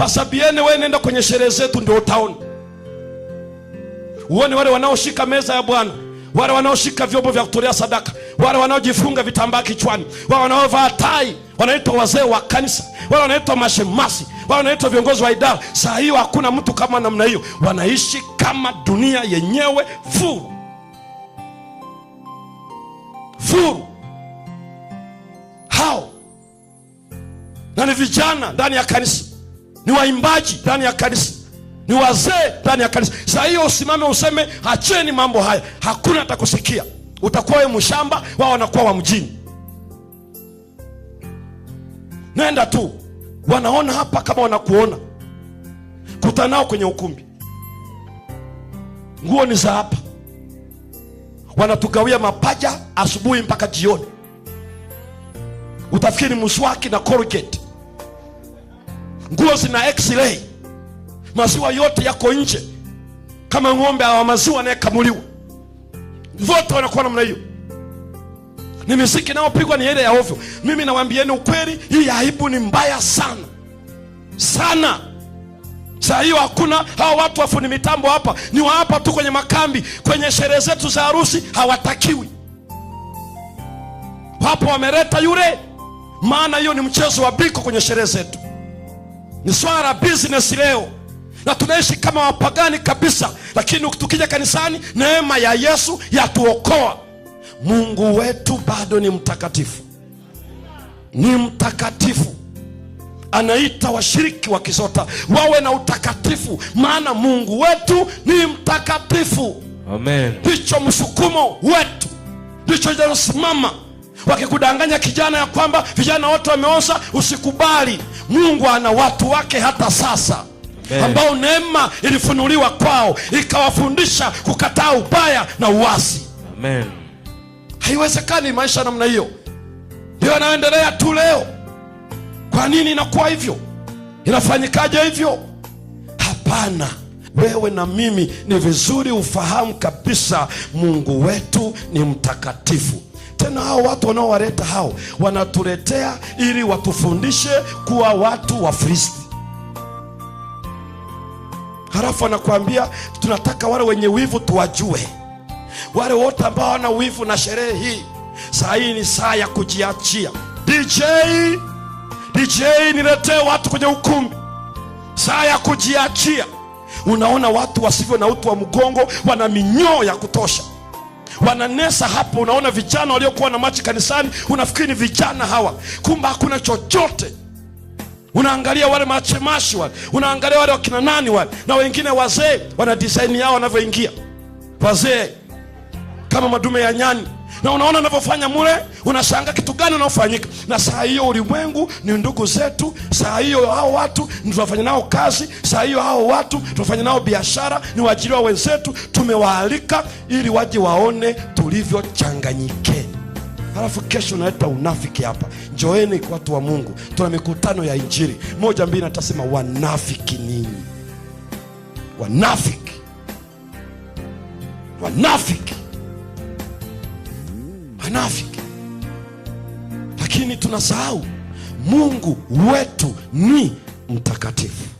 Pasabiene, wewe nenda kwenye sherehe zetu ndio utaona. Uone wale wanaoshika meza ya Bwana, wale wanaoshika vyombo vya kutolea sadaka, wale wanaojifunga vitambaa kichwani, wale wanaovaa tai, wanaitwa wazee wa kanisa, wale wanaitwa mashemasi, wale wanaitwa viongozi wa idara. Saa hiyo hakuna mtu kama namna hiyo, wanaishi kama dunia yenyewe furu furu hao, na ni vijana ndani ya kanisa ni waimbaji ndani ya kanisa, ni wazee ndani ya kanisa. Saa hiyo usimame useme acheni mambo haya, hakuna atakusikia. Utakuwa we mshamba, wao wanakuwa wa mjini. Nenda tu, wanaona hapa kama wanakuona. Kutanao kwenye ukumbi, nguo ni za hapa, wanatugawia mapaja asubuhi mpaka jioni, utafikiri mswaki na Colgate nguo zina x-ray, maziwa yote yako nje kama ng'ombe wa maziwa anayekamuliwa, vote wanakuwa namna hiyo. Ni miziki inayopigwa ni ile ya ovyo. Mimi nawaambieni ukweli, hii ya aibu ni mbaya sana sana. Saa hiyo hakuna hawa watu wafuni mitambo hapa, ni wa hapa tu kwenye makambi, kwenye sherehe zetu za harusi hawatakiwi hapo, wameleta yule. Maana hiyo ni mchezo wa biko kwenye sherehe zetu ni swala la business leo, na tunaishi kama wapagani kabisa, lakini tukija kanisani, neema ya Yesu yatuokoa. Mungu wetu bado ni mtakatifu, ni mtakatifu. Anaita washiriki wa kisota wawe na utakatifu, maana Mungu wetu ni mtakatifu. Amen, ndicho msukumo wetu, ndicho linalosimama Wakikudanganya kijana ya kwamba vijana wote wameoza, usikubali. Mungu ana watu wake hata sasa ambao neema ilifunuliwa kwao ikawafundisha kukataa ubaya na uasi. Amen. Haiwezekani maisha namna hiyo ndio yanayoendelea tu leo. Kwa nini inakuwa hivyo? Inafanyikaje hivyo? Hapana, wewe na mimi ni vizuri ufahamu kabisa Mungu wetu ni mtakatifu. Tena hao watu wanaowaleta hao wanatuletea ili watufundishe kuwa watu wa Filisti, halafu wanakuambia tunataka wale wenye wivu tuwajue, wale wote ambao wana wivu na sherehe hii. Saa hii ni saa ya kujiachia. DJ, DJ niletee watu kwenye ukumbi, saa ya kujiachia. Unaona watu wasivyo na utu wa mgongo, wana minyoo ya kutosha wananesa hapo. Unaona vijana waliokuwa na machi kanisani, unafikiri ni vijana hawa, kumbe hakuna chochote. Unaangalia wale machemashi wale, unaangalia wale wakina nani wale, na wengine wazee wana yao wanavyoingia, wazee kama madume ya nyani na unaona unavyofanya mule, unashanga kitu gani unaofanyika. Na saa hiyo ulimwengu ni ndugu zetu, saa hiyo hao watu tunafanya nao kazi, saa hiyo hao watu tunafanya nao biashara, ni waajiriwa wenzetu. Tumewaalika ili waje waone tulivyochanganyike. Halafu kesho unaleta unafiki hapa. Njoeni watu wa Mungu, tuna mikutano ya Injili moja mbili, natasema wanafiki nini? Wanafiki, wanafiki wanafiki, lakini tunasahau Mungu wetu ni mtakatifu.